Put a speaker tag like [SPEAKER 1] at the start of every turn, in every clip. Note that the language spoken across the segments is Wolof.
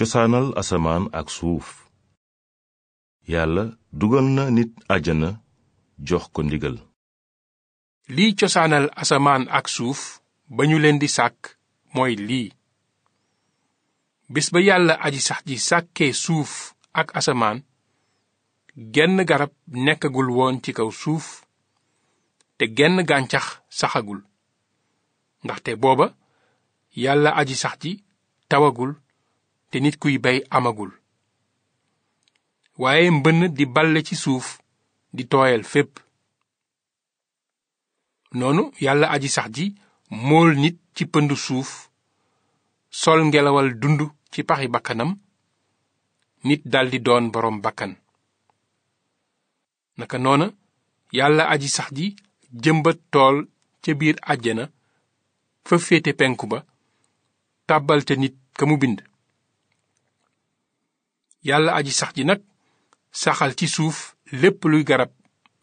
[SPEAKER 1] cosaanal asamaan ak suuf yàlla dugal na nit àjjana jox ko ndigal lii cosaanal asamaan ak suuf ba ñu leen di sàkk mooy lii bés ba yàlla aji sax ji sàkkee suuf ak asamaan genn garab nekkagul woon ci kaw suuf te genn gàncax saxagul ndaxte booba yàlla aji sax ci tawagul te nit kuy bay amagul waaye mbënn di balle ci suuf di tooyal fépp noonu yàlla aji sax ji mool nit ci pëndu suuf sol ngelawal dund ci paxi bakkanam nit daldi doon boroom bakkan naka noona yàlla aji sax ji jëmbat tool ca biir àjjana fa féete penku ba tàbbal ca nit ka mu bind yàlla aji sax ji nag saxal ci suuf lépp luy garab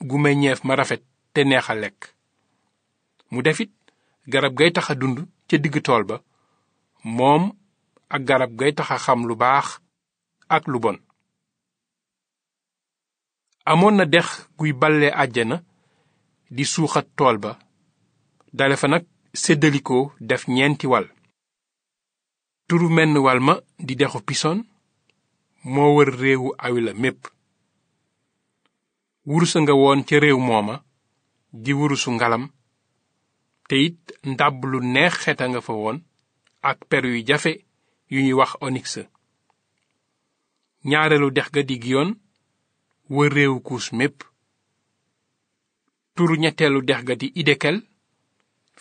[SPEAKER 1] gu meññeef ma rafet te neex a lekk mu def it garab gay tax a dund ca diggu tool ba moom ak garab gay tax a xam lu baax ak lu bon amoon na dex guy balle àjjana di suuxat tool ba dale fa nag séddalikoo def ñeenti wal turu menn wal ma di dexu moo wër réewu awila mépp wurusa nga woon ca réew mooma di wurusu ngalam te it ndàbb lu neex a nga fa woon ak per yu jafe yu ñuy wax onyx ñaareelu dex ga di giyon wër réewu kuus mépp turu ñetteelu dex ga di idekel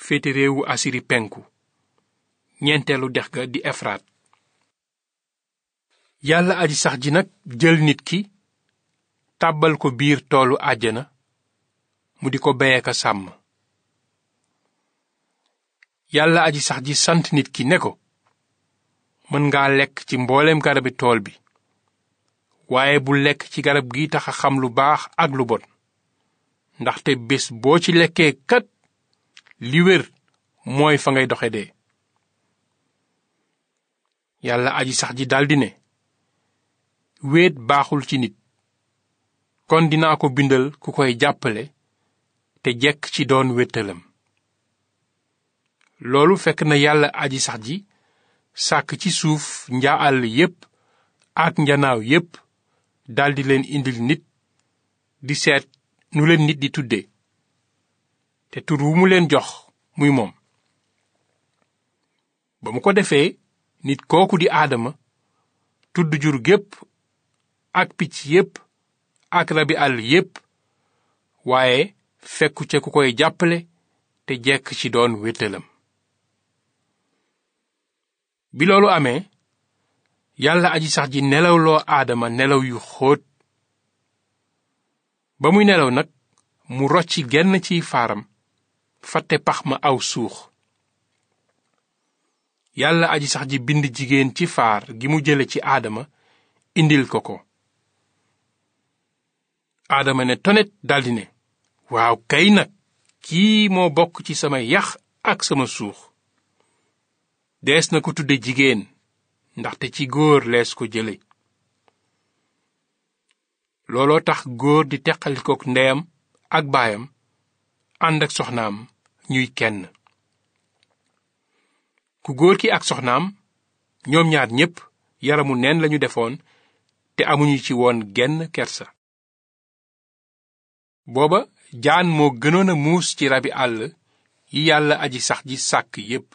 [SPEAKER 1] féete réewu asiri penku ñeenteelu dex ga di efraat yàlla aji sax ji nag jël nit ki tàbbal ko biir toolu àjjana mu di ko beye ka sàmm yàlla aji sax ji sant nit ki ne ko mën ngaa lekk ci mbooleem garabi tool bi waaye bu lekk ci garab gi tax a xam lu baax ak lu bon ndaxte bés boo ci lekkee kat li wér mooy fa ngay doxe dee yàlla aji sax ji daldi ne wéet baaxul ci nit kon dina ko bindal ku koy jàppale te jekk ci doon wéttalam loolu fekk na yàlla aji sax ji sàkk ci suuf njaa àll yépp ak njanaaw yépp daldi leen indil nit di seet nu leen nit di tudde te tur wu mu leen jox muy moom ba mu ko defee nit kooku di aadama tudd jur gépp ak picc yépp ak rabi àll yépp waaye fekku ca ku koy jàppale te jekk ci doon wéttalam bi loolu amee yàlla aji sax ji nelawloo aadama nelaw yu xóot ba muy nelaw nag mu rocci genn ciy faaram fatte pax ma aw suux yàlla aji sax ji bind jigéen ci faar gi mu jële ci aadama indil ko ko aadama ne tonet daldi ne waaw kay nag kii moo bokk ci sama yax ak sama suux dees na ku tudde jigéen ndaxte ci góor lees ko jële looloo tax góor di teqalikook ndeyam ak baayam ànd ak soxnaam ñuy kenn ku góor ki ak soxnaam ñoom ñaar ñépp yaramu neen lañu defoon te amuñu ci woon genn kersa booba jaan moo gënoon a muus ci rabi àll yi yàlla aji sax ji sàkk yépp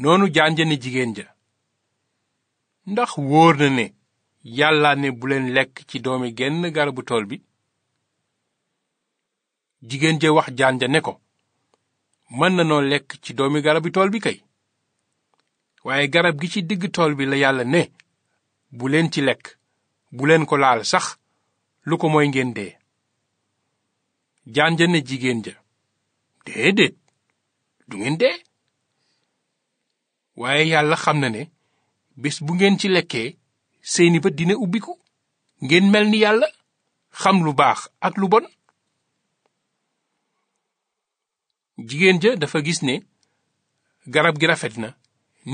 [SPEAKER 1] noonu jaan ja ne jigéen ja ndax wóor na ne yàlla ne buleen lekk ci doomi genn garabu tool bi jigéen ja wax jaan ja ne ko mën na noo lekk ci doomi garabu tool bi kay waaye garab gi ci digg tool bi la yàlla ne bu leen ci lekk bu leen ko laal sax lu ko mooy ngeen dee jaan ja ne jigéen ja déedéet du ngeen dee waaye yàlla xam na ne bés bu ngeen ci lekkee seeni bët dina ubbiku ngeen mel ni yàlla xam lu baax ak lu bon jigéen ja dafa gis ne garab gi rafet na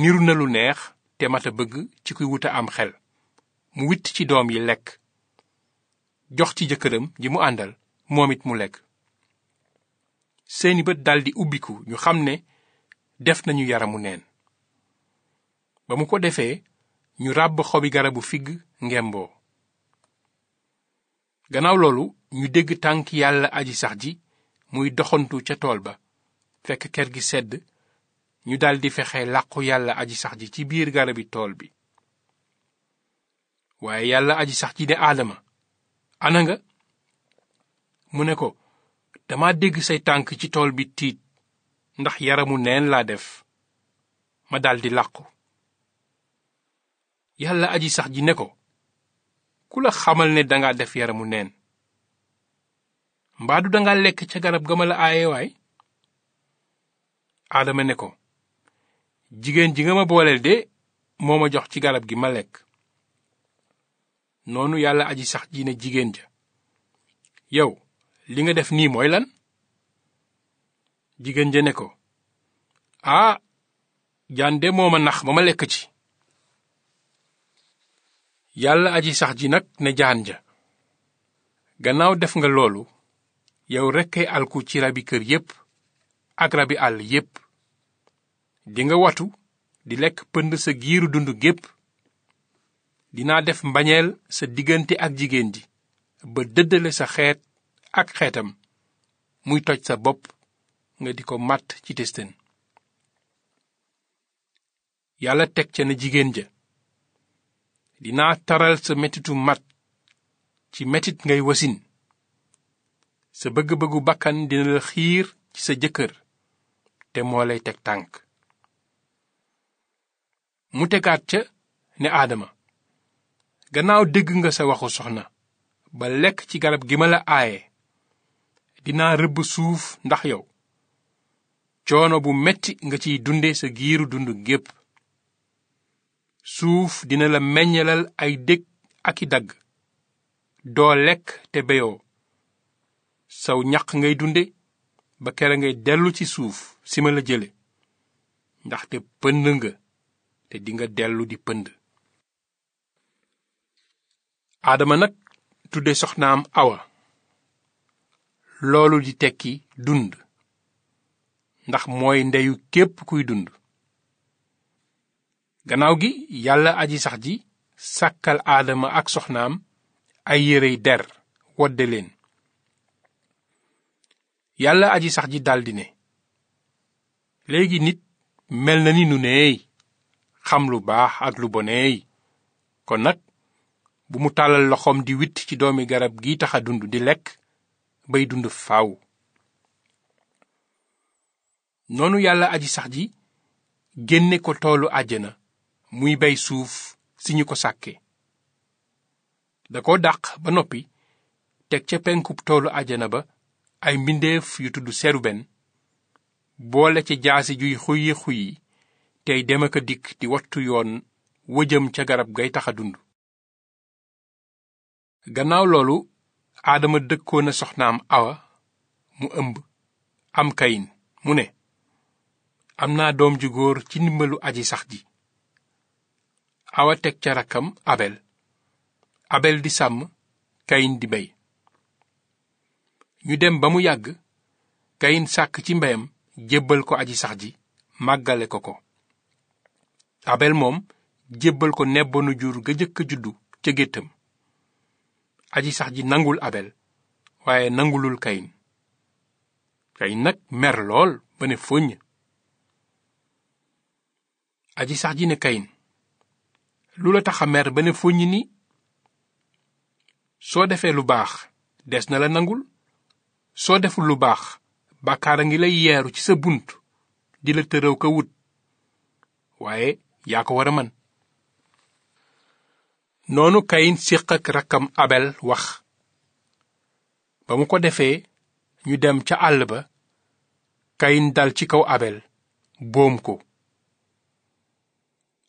[SPEAKER 1] niru na lu neex te mat a bëgg ci kuy wuta am xel mu witt ci doom yi lekk jox ci jëkkëram ji mu àndal moom it mu lekk seeni bët daldi ubbiku ñu xam ne def nañu yaramu neen ba mu ko defee ñu ràbb xobi garabu figg ngemboo gannaaw loolu ñu dégg tànk yàlla aji sax ji muy doxantu ca tool ba fekk kër gi sedd ñu daldi fexe làqu yàlla aji sax ji ci biir garabi tool bi waaye yàlla aji sax ji ne aadama ana nga mu ne ko damaa dégg say tànk ci tool bi tiit ndax yaramu neen laa def ma daldi làqu yàlla aji sax ji ne ko ku la xamal ne dangaa def yaramu neen mbaadu danga lekk ca garab ga ma la aaye waay aadama ne ko jigéen ji nga ma booleel de moo ma jox ci garab gi ma lekk noonu yàlla aji sax ji ne jigéen ja yow li nga def nii mooy lan jigéen ja ne ko aa ah, jaan de moo ma nax ba ma lekk ci yàlla aji sax ji nag ne jaan ja gannaaw def nga loolu yow rekkay alku ci rabi kër yépp ak rabi àll yépp dinga watu di lekk pënd sa giiru dund gépp dinaa def mbañeel sa diggante ak jigéen ji ba dëddale sa xeet ak xeetam muy toj sa bopp nga di ko màtt ci testen yàlla teg ca na jigéen ja dinaa taral sa metitu mat ci metit ngay wasin sa bëgg-bëggu bakkan dina la xiir ci sa jëkkër te moo lay teg tànk mu tegaat ca ne aadama gannaaw dégg nga sa waxu soxna ba lekk ci garab gi ma la aaye dinaa rëbb suuf ndax yow coono bu metti nga ciy dunde sa giiru dund gépp suuf dina la meññalal ay dég ak i dagg doo lekk te beyoo sow ñaq ngay dunde ba kere ngay dellu ci suuf si ma la jële ndaxte pënd nga te dinga dellu di pënd aadama nag tudde soxnaam awa loolu di tekki dund ndax mooy ndeyu képp kuy dund gannaaw gi yàlla aji sax ji sàkkal aadama ak soxnaam ay yérey der wodde leen yàlla aji sax ji daldi ne léegi nit mel na ni nu neey xam lu baax ak lu boneey kon nag bu mu tàllal loxoom di witt ci doomi garab gi tax a dund di lekk bay dund faw noonu yàlla aji sax ji génne ko toolu àjjana muy bay suuf si ñu ko sàkke da ko dàq ba noppi teg ca penkub toolu àjjana ba ay mbindeef yu tudd seru benn boole ca jaasi juy xuyi xuyi tey dem ak a dikk di wattu yoon wëjëm ca garab gay tax a dund gannaaw loolu aadama dëkkoon na soxnaam awa mu ëmb am kayin mu ne am naa doom ju góor ci ndimbalu aji sax ji awa teg ca rakkam abel abel di sàmm kayin di bey ñu dem ba mu yàgg kayin sàkk ci mbeyam jébbal ko aji sax ji màggale ko ko abel moom jébbal ko nebbanu jur ga jëkk juddu ca géttam aji sax ji nangul abel waaye nangulul kayin kayin nag mer lool ba ne foññ aji sax ji ne kayin lu la tax mer ba ne foññ ni soo defee lu baax des na la nangul soo deful lu baax bàkkaar a ngi lay yeeru ci sa bunt di la tërëw ka wut waaye yaa ko war a man noonu kayin siq ak rakkam abel wax ba mu ko defee ñu dem ca àll ba kayin dal ci kaw abel boom ko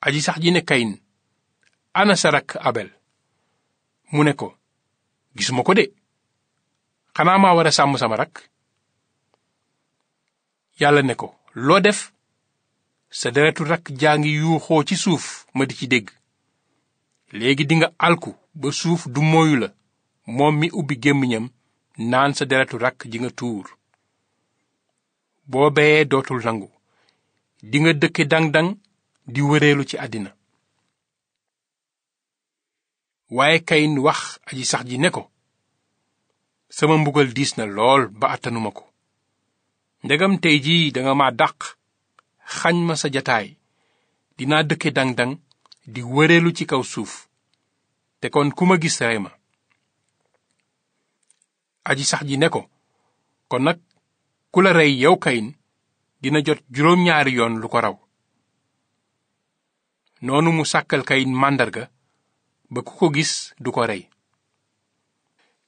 [SPEAKER 1] aji sax ji ne kayin ana sa rakk abel mu ne ko gisuma ko de xanaa maa war a sàmm sama rakk yàlla ne ko loo def sa deretu rakk jaa ngi yuuxoo ci suuf ma di ci dégg léegi dinga alku ba suuf du moyu la moom mi ubbi gémmiñam naan sa deretu rakk ji nga tuur boo beyee dootul nangu dinga dëkke dang-dang di wëreelu ci àddina waaye kayin wax aji sax ji ne ko sama mbugal diis na lool ba attanuma ko ndegam tey jii danga ma dàq xañ ma sa jataay dinaa dëkke dang-dang di wëreelu ci kaw suuf te kon ku ma gis rey ma aji sax ji ne ko kon nag ku la rey yow kayin dina jot juróom ñaari yoon lu ko raw noonu mu sàkkal kayin màndarga ba ku ko gis du ko rey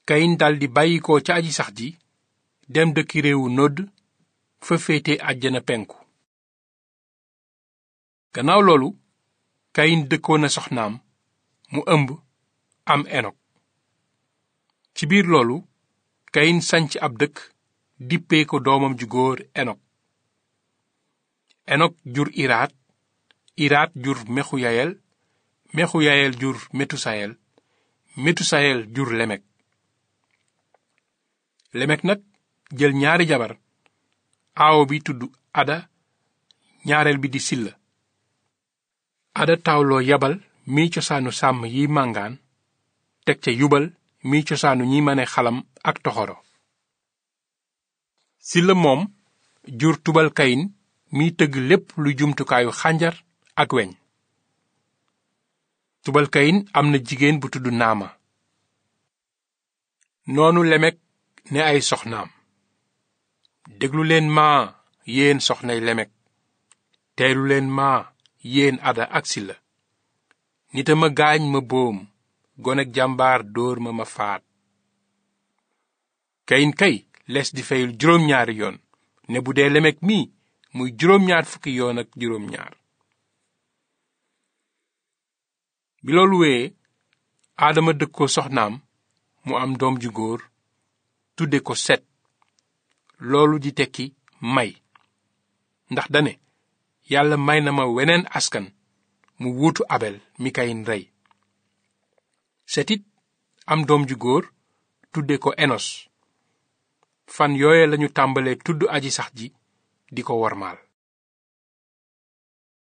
[SPEAKER 1] kayin daldi bàyyikoo ko ca aji sax ji dem dëkki réewu nodd fa féete àjjana penku loolu kayin dëkkoon na soxnaam mu ëmb am enok ci biir loolu kayin sanc ab dëkk dippee ko doomam ju góor enok enok jur iraat iraat jur mexuyayel mexuyayel jur metusayel metusayel jur lemek lemek nag jël ñaari jabar aawo bi tudd ada ñaareel bi di silla ada yabal mi cosaanu sàmm yi màngaan teg ca yubal mi cosaanu ñi mane xalam ak toxoro la moom jur tubal kayin mi tëgg lépp lu jumtukaayu xànjar ak weñ tubal kayin am na jigéen bu tudd naama noonu lemek ne ay soxnaam déglu leen maa yéen soxnay lemek teelu maa yéen ada agsi la nitam a gaañ ma boom gonek jàmbaar dóor ma ma faat kayin kay lees di fayul juróom ñaari yoon ne bu dee lemek mii muy juróom ñaar fukki yoon ak juróom ñaar bi loolu wee aadama ko soxnaam mu am doom ju góor tudde ko set loolu di tekki may ndax dane yàlla may na ma weneen askan mu wutu abel mi rey setit am doom ju góor tudde ko enos fan yooye lañu tàmbalee tudd aji sax ji di ko wormaal